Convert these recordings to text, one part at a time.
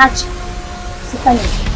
Arte. Sertanejo.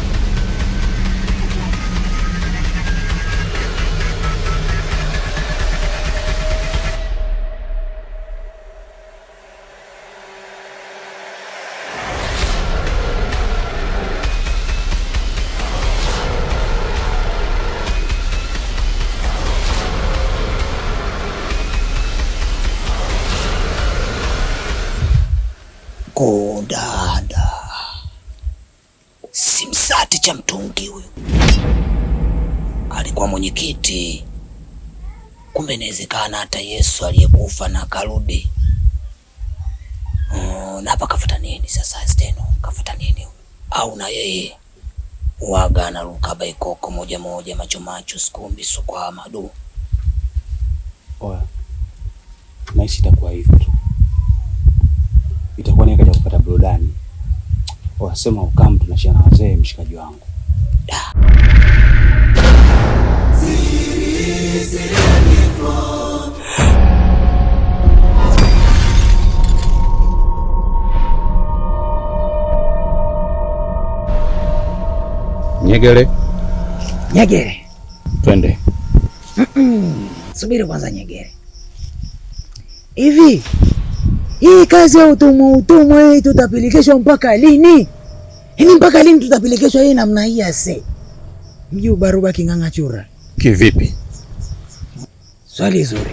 mwenyekiti, kumbe inawezekana hata Yesu aliyekufa na akarudi. Mm, na hapa kafuta nini sasa steno, kafuta nini? Au na yeye waga na anaruka baikoko moja moja, macho macho, sukumbi sukwa madu oya, naishi itakuwa hivyo tu, itakuwa nikaja kupata burudani. Wasema ukam tunashia na wazee, mshikaji wangu da. Nyegere, Nyegere, twende. Subiri kwanza Nyegere, hivi hii kazi ya utumwa utumwa hii tutapelekeshwa mpaka lini? Yaani mpaka lini tutapelekeshwa hii namna hii? Ase mji baruba king'ang'a chura Unafikiri vipi? Swali zuri.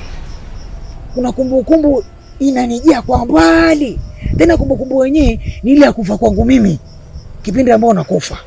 Kuna kumbukumbu inanijia kwa mbali, tena kumbukumbu wenyewe ni ile ya kufa kwangu mimi, kipindi ambao nakufa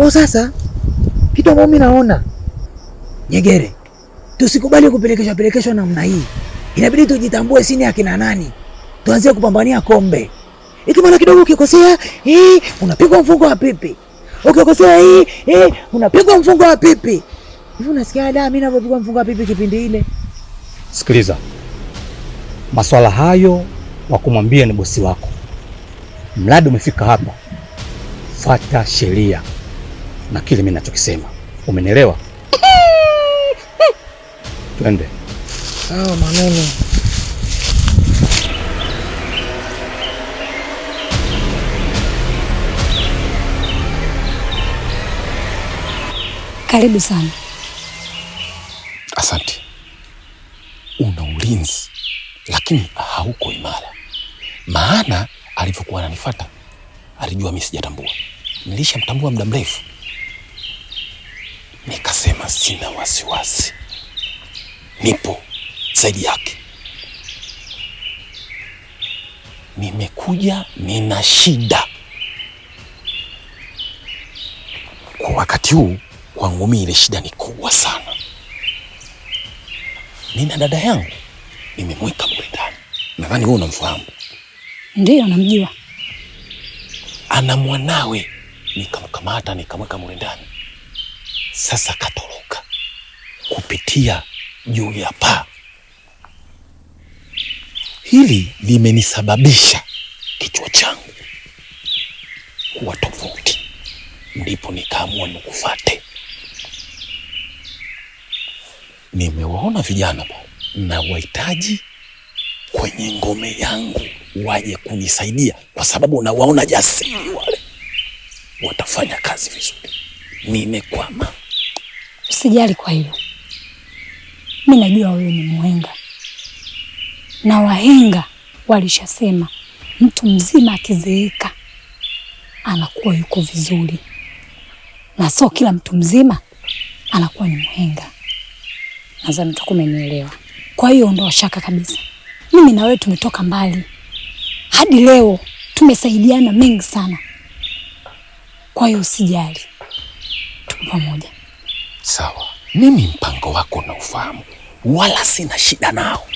Kwa sasa kitu ambacho mimi naona Nyegere, tusikubali kupelekeshwa pelekeshwa namna hii. Inabidi tujitambue sisi ni akina nani, tuanzie kupambania kombe. Ikimana kidogo ukikosea, eh, unapigwa mfungo wa pipi. Ukikosea hii, eh, eh, unapigwa mfungo wa pipi. Hivi unasikia ada mimi ninavyopigwa mfungo wa pipi kipindi ile. Sikiliza, maswala hayo wakumwambia ni bosi wako. Mradi umefika hapa, fata sheria na kile mimi ninachokisema. Umenielewa? Twende. Sawa maneno. Karibu sana. Asante. Una ulinzi lakini hauko imara, maana alivyokuwa ananifuata alijua mimi sijatambua. Nilishamtambua muda mrefu. Nikasema sina wasiwasi, nipo zaidi yake. Nimekuja, nina shida kwa wakati huu. Kwangu mimi ile shida ni kubwa sana. Nina dada yangu nimemweka mule ndani, nadhani wewe unamfahamu. Ndiyo, namjua. Ana mwanawe, nikamkamata nikamweka mule ndani sasa katoroka kupitia juu ya paa. Hili limenisababisha kichwa changu kuwa tofauti, ndipo nikaamua nikufate. Nimewaona vijana bao na wahitaji kwenye ngome yangu waje kunisaidia, kwa sababu nawaona jasiri, wale watafanya kazi vizuri. Nimekwama. Usijali kwa hiyo. Mi najua wewe ni mwenga na wahenga walishasema mtu mzima akizeeka anakuwa yuko vizuri, na sio kila mtu mzima anakuwa ni mhenga. Nadhani tukumenielewa. Kwa hiyo ondoa shaka kabisa, mimi na wewe tumetoka mbali, hadi leo tumesaidiana mengi sana. Kwa hiyo usijali, tuko pamoja. Sawa, mimi mpango wako na ufahamu, wala sina shida nao.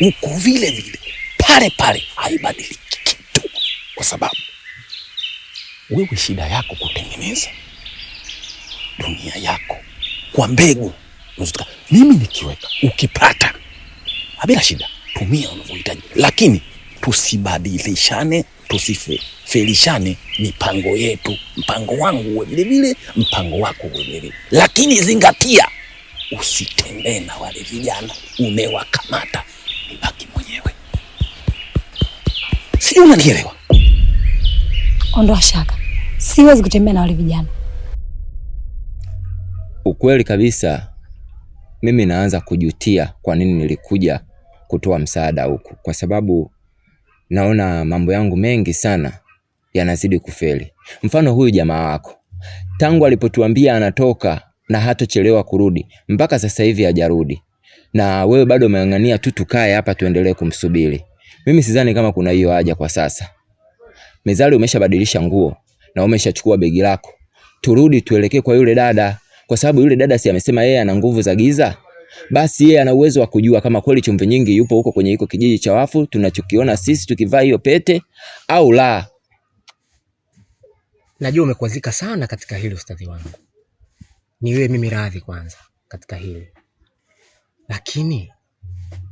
Uko vile vile pale pale, haibadiliki kitu, kwa sababu wewe shida yako kutengeneza dunia yako kwa mbegu mimi nikiweka, ukipata bila shida, tumia unavyohitaji, lakini tusibadilishane, tusifelishane mipango yetu, mpango wangu uwe vilevile mpango wako uwe vilevile, lakini zingatia, usitembee na wale vijana umewakamata, baki mwenyewe. Si unanielewa? Ondoa shaka, siwezi kutembea na wale vijana. Ukweli kabisa, mimi naanza kujutia kwa nini nilikuja kutoa msaada huku, kwa sababu naona mambo yangu mengi sana yanazidi kufeli. Mfano huyu jamaa wako tangu alipotuambia anatoka na hatochelewa kurudi mpaka sasa hivi hajarudi, na wewe bado umeng'ang'ania tu tukae hapa tuendelee kumsubiri. Mimi sidhani kama kuna hiyo haja kwa sasa. Mezali, umeshabadilisha nguo na umeshachukua begi lako, turudi tuelekee kwa yule dada, kwa sababu yule dada si amesema yeye ana nguvu za giza basi yeye ana uwezo wa kujua kama kweli chumvi nyingi yupo huko kwenye iko kijiji cha wafu tunachokiona sisi tukivaa hiyo pete au la. Najua umekwazika sana katika hilo ustadhi wangu, niwe mimi radhi kwanza katika hili lakini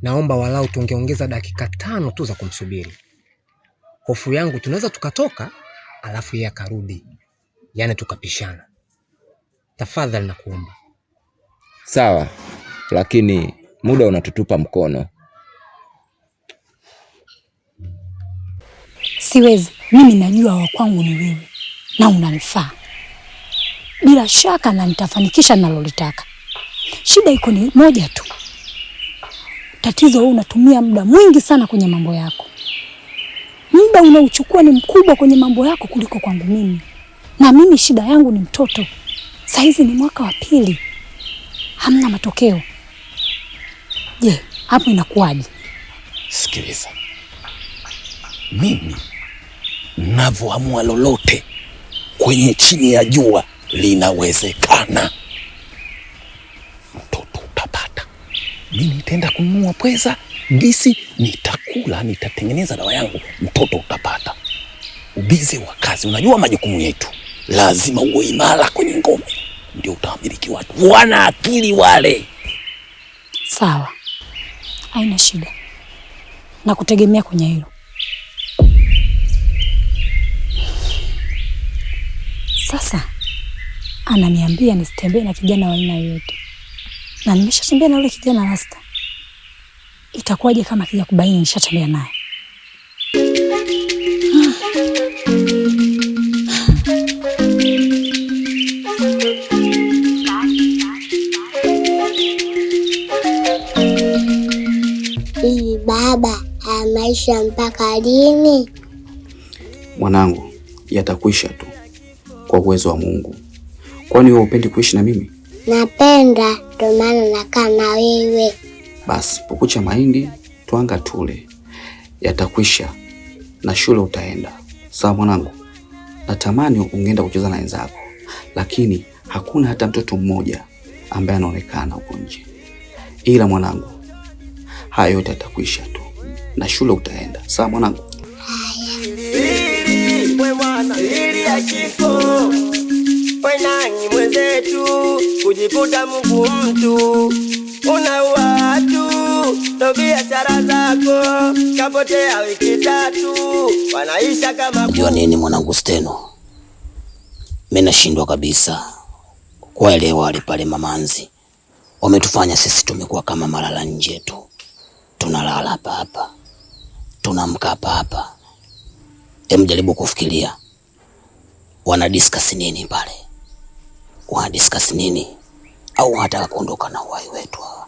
naomba walau tungeongeza dakika tano tu za kumsubiri. Hofu yangu tunaweza tukatoka, alafu yeye akarudi, yaani tukapishana. Tafadhali nakuomba. Sawa lakini muda unatutupa mkono. Siwezi mimi, najua wa kwangu ni wewe na unanifaa bila shaka, na nitafanikisha nalolitaka. Shida iko ni moja tu, tatizo wewe unatumia muda mwingi sana kwenye mambo yako. Muda unaochukua ni mkubwa kwenye mambo yako kuliko kwangu mimi, na mimi shida yangu ni mtoto. Saizi ni mwaka wa pili, hamna matokeo. Je, hapo inakuwaje? Sikiliza, mimi navyoamua lolote kwenye chini ya jua linawezekana. Mtoto utapata, mimi nitaenda kununua pweza, bisi nitakula, nitatengeneza dawa yangu, mtoto utapata. Ubize wa kazi, unajua majukumu yetu, lazima uwe imara kwenye ngome, ndio utawamiliki watu. Wana akili wale, sawa haina shida, na kutegemea kwenye hilo. Sasa ananiambia nisitembee na kijana wa aina yoyote, na nimeshatembea na yule kijana Rasta. Itakuwaje kama akija kubaini nishatembea naye? Baba, haya maisha mpaka lini? Mwanangu, yatakwisha tu kwa uwezo wa Mungu. Kwani wewe upendi kuishi na mimi? Napenda, ndio maana nakaa na wewe. Basi pukucha mahindi twanga tule, yatakwisha na shule utaenda. Sawa mwanangu, natamani ungeenda kucheza na wenzako, lakini hakuna hata mtoto mmoja ambaye anaonekana huko nje. Ila mwanangu haya yote atakuisha tu, na shule utaenda sawa mwanangu. mwenzetu, kujiputa Mungu mtu una watu na biashara zako kapotea, wiki tatu wanaisha kama kujua nini. Mwanangu Steno, mimi nashindwa kabisa kuwaelewa wale pale Mamanzi wametufanya sisi tumekuwa kama malala nje tu tunalala hapa hapa, tunamka hapa hapa. Hem, jaribu kufikiria, wana discuss nini pale? Wana discuss nini? Au wanataka kuondoka na uhai wetu hawa?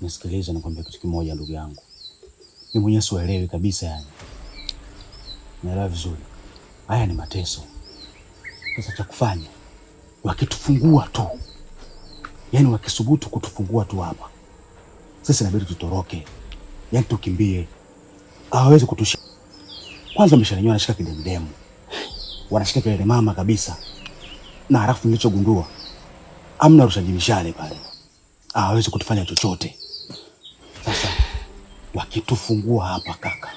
Nisikilize, nakwambia kitu kimoja ndugu yangu, mimi mwenyewe sielewi kabisa, yani naelewa vizuri, haya ni mateso. Sasa cha kufanya wakitufungua tu, yani wakisubutu kutufungua tu hapa sasa inabidi tutoroke, yaani tukimbie. Hawawezi kutusha. kwanza, ameshanywa anashika kidemdemu, wanashika kelele mama kabisa. Na halafu nilichogundua amna rushaji mishale pale, hawawezi kutufanya chochote. Sasa wakitufungua hapa kaka,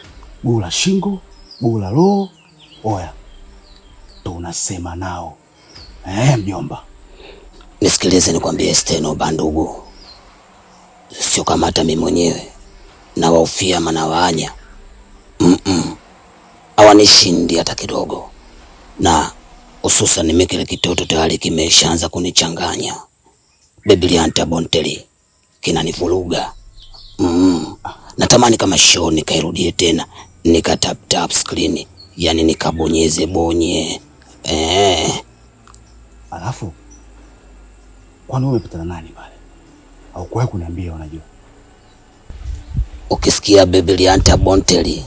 guu la shingo, guu la roho, oya, tunasema nao. Eh, mjomba nisikilize, nikwambie Steno bandugu sio kama hata mimi mwenyewe nawaufia manawaanya mm -mm. Hawanishindi hata kidogo, na hususan mimi kile kitoto tayari kimeshaanza kunichanganya. Biblia ntabonteli kinanivuruga mm. Natamani kama show nikairudie tena nika tap screen, yani nikabonyeze bonye eh. Alafu kwani na nani bali? Haukuwahi kuniambia unajua. Ukisikia Bebelianta Bonteli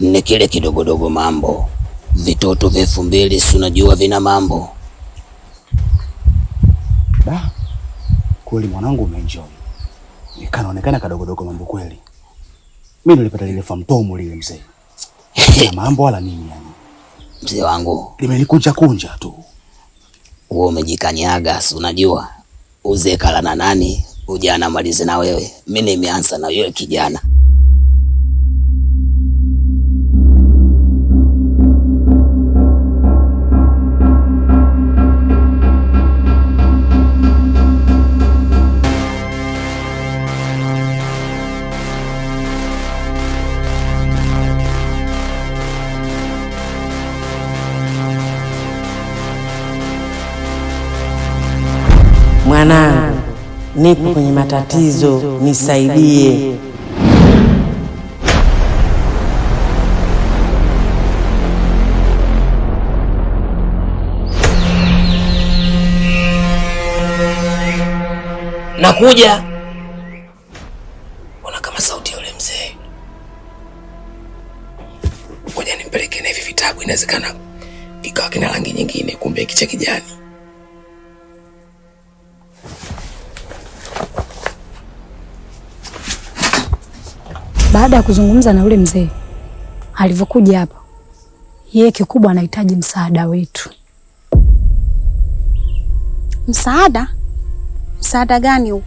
ni kile kidogodogo mambo vitoto vya elfu mbili si unajua vina mambo da. Kweli mwanangu, umeenjoy ikanaonekana kadogodogo mambo kweli. Mimi nilipata lile famtomu lile mzee na mambo wala nini, yani mzee wangu limenikuja kunja tu. Wewe umejikanyaga, si unajua uzee kala na nani ujana malize na wewe, mi nimeanza na wewe kijana. nipo kwenye matatizo, nisaidie. Nakuja. Ona kama sauti ya yule mzee. Ngoja nimpeleke na hivi vitabu, inawezekana kikawa kina rangi nyingine, kumbe kicha kijani. Baada ya kuzungumza na yule mzee alivyokuja hapa, yeye kikubwa anahitaji msaada wetu. Msaada? Msaada gani huu?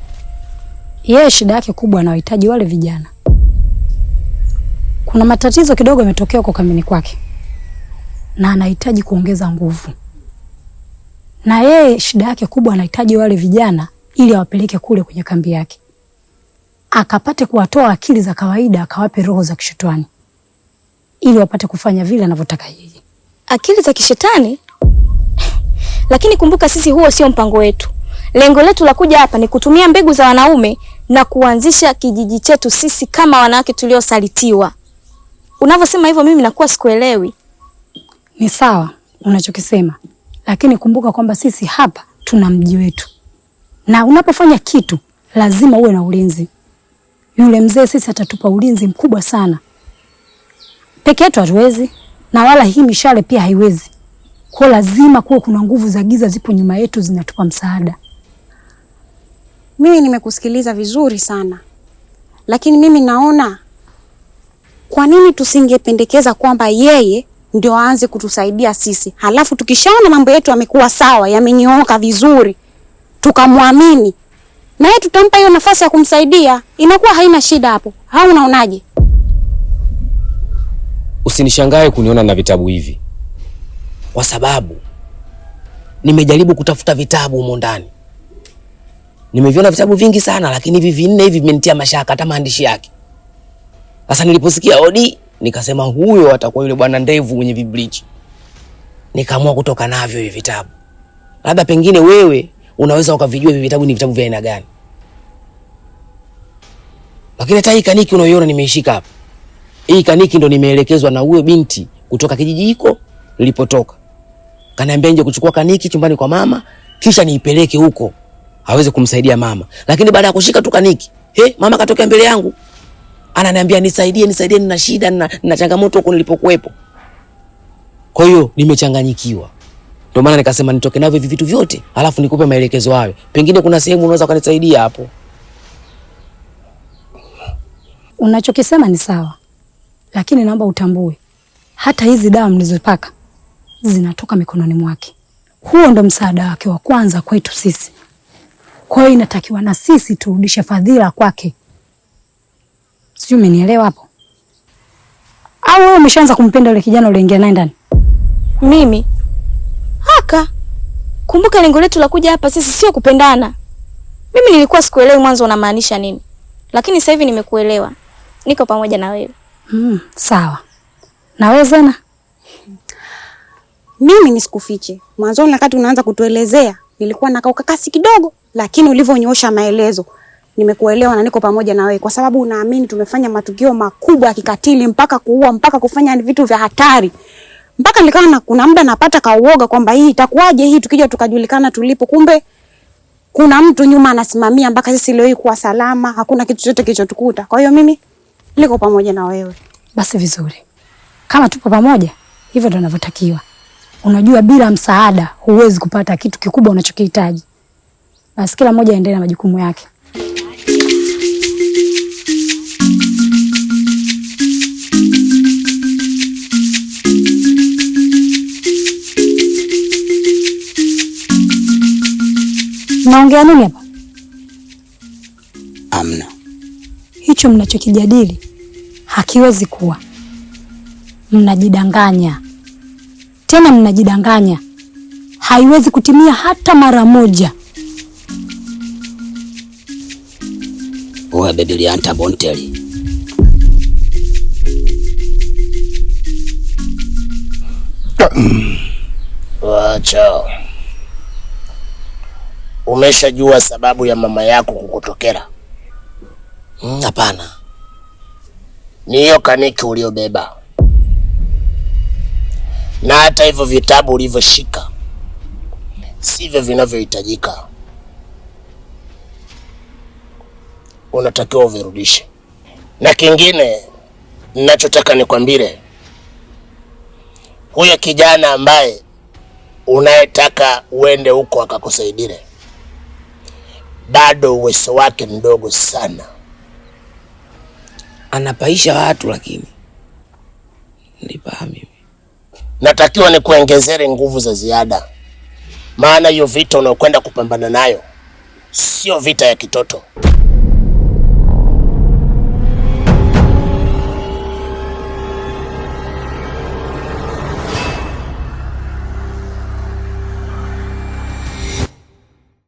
Yeye shida yake kubwa anawahitaji wale vijana. Kuna matatizo kidogo yametokea huko kambini kwake, na anahitaji kuongeza nguvu, na yeye shida yake kubwa anahitaji wale vijana ili awapeleke kule kwenye kambi yake akapate kuwatoa akili za kawaida akawape roho za kishetani ili wapate kufanya vile anavyotaka yeye. Akili za kishetani? Lakini kumbuka sisi, huo sio mpango wetu. Lengo letu la kuja hapa ni kutumia mbegu za wanaume na kuanzisha kijiji chetu sisi kama wanawake tuliosalitiwa. Unavyosema hivyo, mimi nakuwa sikuelewi. Ni sawa unachokisema, lakini kumbuka kwamba sisi hapa tuna mji wetu, na unapofanya kitu lazima uwe na ulinzi yule mzee sisi atatupa ulinzi mkubwa sana. Peke yetu hatuwezi na wala hii mishale pia haiwezi. Kwa lazima kuwa kuna nguvu za giza zipo nyuma yetu zinatupa msaada. Mimi nimekusikiliza vizuri sana, lakini mimi naona kwa nini tusingependekeza kwamba yeye ndio aanze kutusaidia sisi, halafu tukishaona mambo yetu yamekuwa sawa, yamenyooka vizuri, tukamwamini na yeye tutampa hiyo nafasi ya kumsaidia, inakuwa haina shida hapo, au unaonaje? Usinishangae kuniona na vitabu hivi, kwa sababu nimejaribu kutafuta vitabu humo ndani, nimeviona vitabu vingi sana, lakini hivi vinne hivi vimenitia mashaka, hata maandishi yake. Sasa niliposikia odi, nikasema huyo atakuwa yule bwana ndevu mwenye viblichi, nikaamua kutoka navyo hivi vitabu. Labda pengine wewe unaweza ukavijua hivi vitabu ni vitabu vya aina gani. Lakini hata hii kaniki unayoiona nimeishika hapa, hii kaniki ndo nimeelekezwa na huyo binti kutoka kijiji hiko nilipotoka. Kaniambia nje kuchukua kaniki chumbani kwa mama, kisha niipeleke huko aweze kumsaidia mama. Lakini baada ya kushika tu kaniki, he, mama katokea mbele yangu ananiambia nisaidie, nisaidie, nina shida, na changamoto huko nilipokuwepo. Kwa hiyo nimechanganyikiwa. Ndio maana nikasema nitoke navyo hivi vitu vyote, alafu nikupe maelekezo hayo. Pengine kuna sehemu unaweza kunisaidia hapo. Unachokisema ni sawa, lakini naomba utambue hata hizi dawa mlizopaka zinatoka mikononi mwake. Huo ndo msaada wake wa kwanza kwetu sisi. Kwa hiyo inatakiwa na sisi turudishe fadhila kwake, Si umenielewa hapo? Au wewe umeshaanza kumpenda yule kijana uliingia naye ndani? Mimi Haka, kumbuka lengo letu la kuja hapa sisi sio kupendana. Mimi nilikuwa sikuelewi mwanzo unamaanisha nini, lakini sasa hivi nimekuelewa. Niko pamoja na wewe. Mm, sawa. Na wewe Mimi nisikufiche. Mwanzoni wakati unaanza kutuelezea, nilikuwa na kaukakasi kidogo, lakini ulivyonyosha maelezo, nimekuelewa na niko pamoja na wewe kwa sababu unaamini tumefanya matukio makubwa ya kikatili mpaka kuua mpaka kufanya vitu vya hatari mpaka nikawa na kuna muda napata kauoga kwamba hii itakuwaje hii tukija tukajulikana tulipo, kumbe kuna mtu nyuma anasimamia mpaka sisi leo hii kuwa salama, hakuna kitu chochote kilichotukuta. Kwa hiyo mimi niko pamoja na wewe. Basi vizuri, kama tupo pamoja hivyo ndo navyotakiwa. Unajua, bila msaada huwezi kupata kitu kikubwa unachokihitaji. Basi kila mmoja aendelee na majukumu yake. naongea nini hapa? Amna. Hicho mnachokijadili hakiwezi kuwa. Mnajidanganya tena, mnajidanganya. Haiwezi kutimia hata mara moja. Oya anta Bonteli, ah, mm. wacha umeshajua sababu ya mama yako kukutokera? Mm, hapana. Mm, ni hiyo kaniki uliobeba na hata hivyo vitabu ulivyoshika sivyo vinavyohitajika, unatakiwa uvirudishe. Na kingine ninachotaka nikwambie, huyo kijana ambaye unayetaka uende huko akakusaidire bado uwezo wake mdogo sana, anapaisha watu, lakini nilipaa mimi natakiwa ni kuongezere nguvu za ziada, maana hiyo vita unaokwenda kupambana nayo sio vita ya kitoto.